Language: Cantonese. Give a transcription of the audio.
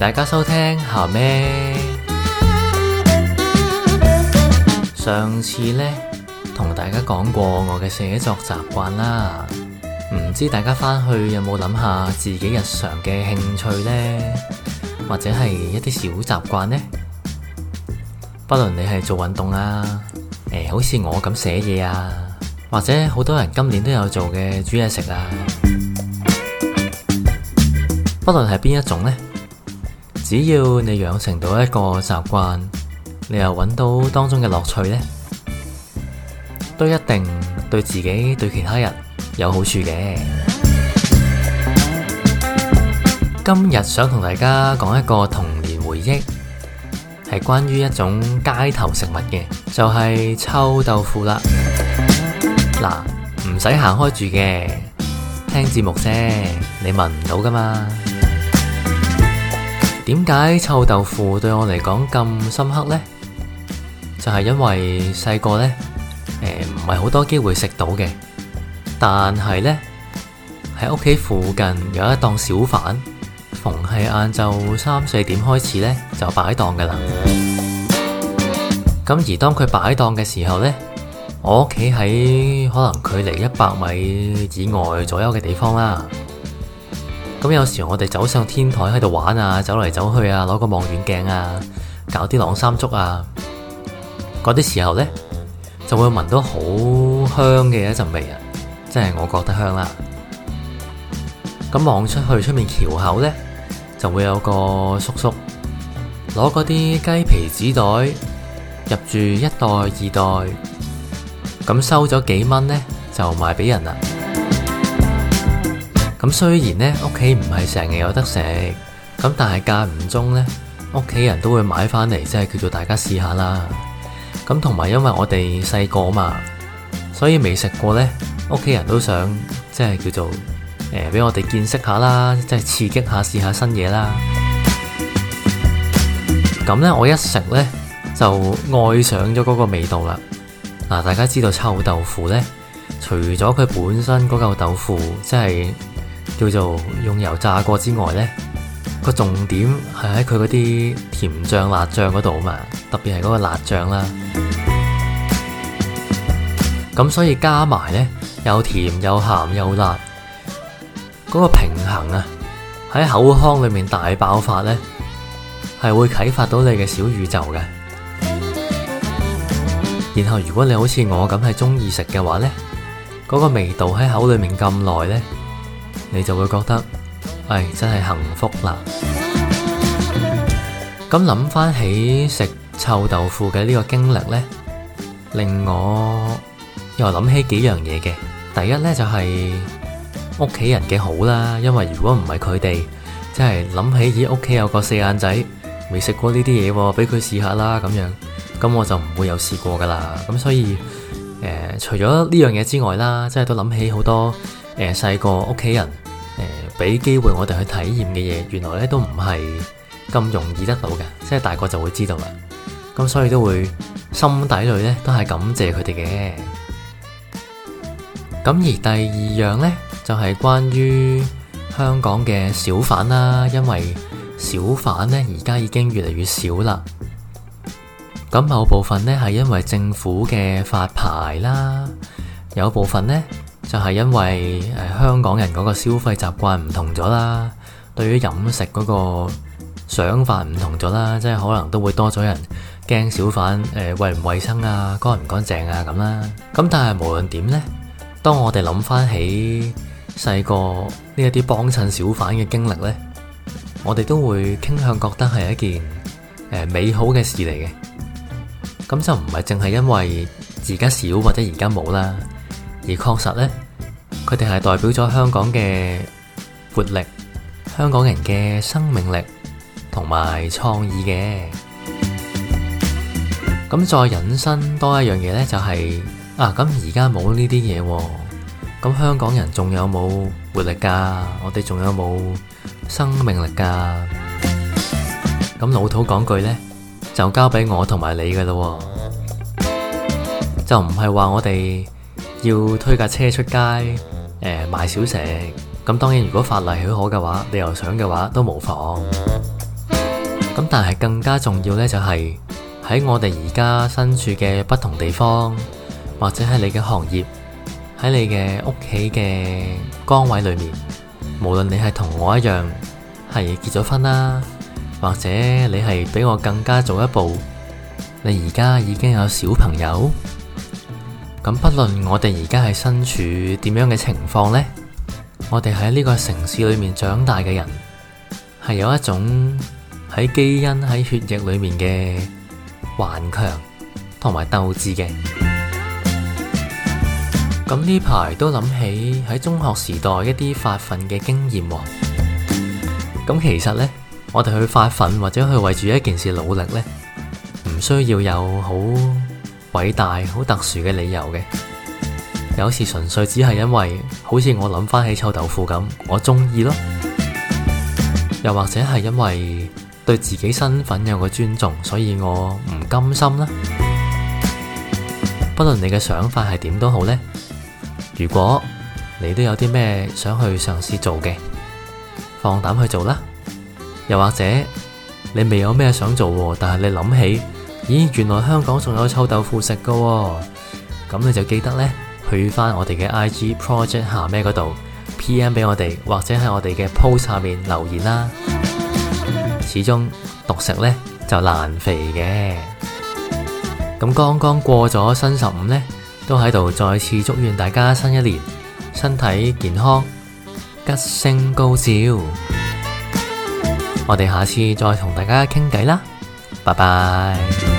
大家收聽下咩？上次呢，同大家講過我嘅寫作習慣啦！唔知大家返去有冇諗下自己日常嘅興趣呢？或者係一啲小習慣呢？不論你係做運動呀！咦，好似我咁寫嘢呀！或者好多人今年都有做嘅煮嘢食呀！不論係邊一種呢？只要你養成到一個習慣，你又揾到當中嘅樂趣呢，都一定對自己對其他人有好處嘅。今日想同大家講一個童年回憶，係關於一種街頭食物嘅，就係臭豆腐啦。嗱，唔使行開住嘅，聽節目啫，你聞唔到噶嘛。點解臭豆腐對我嚟講咁深刻呢？就係因為細個呢，誒唔係好多機會食到嘅，但係呢，喺屋企附近有一檔小販，逢係晏晝三四點開始呢，就擺檔噶啦。咁而當佢擺檔嘅時候呢，我屋企喺可能距離一百米以外左右嘅地方啦。咁有時候我哋走上天台喺度玩啊，走嚟走去啊，攞個望遠鏡啊，搞啲晾衫竹啊，嗰啲時候呢，就會聞到好香嘅一陣味啊，真係我覺得香啦。咁望出去出面橋口呢，就會有個叔叔攞嗰啲雞皮紙袋，入住一袋二袋，咁收咗幾蚊呢，就賣俾人啦。咁雖然呢屋企唔係成日有得食，咁但係間唔中呢，屋企人都會買翻嚟，即係叫做大家試下啦。咁同埋因為我哋細個嘛，所以未食過呢，屋企人都想即係叫做誒俾、呃、我哋見識下，下，下啦，即係刺激下試下新嘢啦。咁呢，我一食呢，就愛上咗嗰個味道啦。嗱，大家知道臭豆腐呢，除咗佢本身嗰嚿豆腐，即係。叫做用油炸過之外呢個重點係喺佢嗰啲甜醬、辣醬嗰度啊嘛，特別係嗰個辣醬啦。咁 所以加埋呢，又甜又咸又辣，嗰個平衡啊，喺口腔裏面大爆發呢係會啟發到你嘅小宇宙嘅。然後如果你好似我咁係中意食嘅話呢嗰個味道喺口裏面咁耐呢。你就會覺得，唉、哎，真係幸福啦！咁諗翻起食臭豆腐嘅呢個經歷呢，令我又諗起幾樣嘢嘅。第一呢，就係屋企人嘅好啦，因為如果唔係佢哋，即係諗起咦，屋企有個四眼仔，未食過呢啲嘢，俾佢試下啦咁樣，咁我就唔會有試過噶啦。咁所以，誒、呃，除咗呢樣嘢之外啦，即係都諗起好多。誒，細個屋企人誒，俾、呃、機會我哋去體驗嘅嘢，原來咧都唔係咁容易得到嘅，即係大個就會知道啦。咁所以都會心底裏咧都係感謝佢哋嘅。咁而第二樣呢，就係、是、關於香港嘅小販啦。因為小販呢而家已經越嚟越少啦。咁某部分呢係因為政府嘅發牌啦，有部分呢。就係因為誒香港人嗰個消費習慣唔同咗啦，對於飲食嗰個想法唔同咗啦，即係可能都會多咗人驚小販誒衛唔衛生啊，乾唔乾淨啊咁啦。咁但係無論點呢，當我哋諗翻起細個呢一啲幫襯小販嘅經歷呢，我哋都會傾向覺得係一件美好嘅事嚟嘅。咁就唔係淨係因為而家少或者而家冇啦。而確實呢，佢哋係代表咗香港嘅活力、香港人嘅生命力同埋創意嘅。咁再引申多一樣嘢呢，就係啊，咁而家冇呢啲嘢喎，咁香港人仲有冇活力㗎？我哋仲有冇生命力㗎？咁老土講句呢，就交俾我同埋你㗎咯，就唔係話我哋。要推架車出街，誒、呃、賣小食，咁當然如果法例許可嘅話，你又想嘅話都無妨。咁但係更加重要呢、就是，就係喺我哋而家身處嘅不同地方，或者喺你嘅行業，喺你嘅屋企嘅崗位裏面，無論你係同我一樣係結咗婚啦，或者你係比我更加早一步，你而家已經有小朋友。咁不論我哋而家係身處點樣嘅情況呢，我哋喺呢個城市裏面長大嘅人，係有一種喺基因喺血液裏面嘅頑強同埋鬥志嘅。咁呢排都諗起喺中學時代一啲發奮嘅經驗喎。咁其實呢，我哋去發奮或者去為住一件事努力呢，唔需要有好偉大好特殊嘅理由嘅，有時純粹只係因為，好似我諗翻起臭豆腐咁，我中意咯。又或者係因為對自己身份有個尊重，所以我唔甘心啦。不論你嘅想法係點都好咧，如果你都有啲咩想去嘗試做嘅，放膽去做啦。又或者你未有咩想做，但係你諗起。咦，原來香港仲有臭豆腐食㗎喎，咁你就記得呢，去翻我哋嘅 I G project 下面嗰度 P M 俾我哋，或者喺我哋嘅 post 下面留言啦。始終毒食呢就難肥嘅。咁剛剛過咗新十五呢，都喺度再次祝願大家新一年身體健康，吉星高照。我哋下次再同大家傾偈啦，拜拜。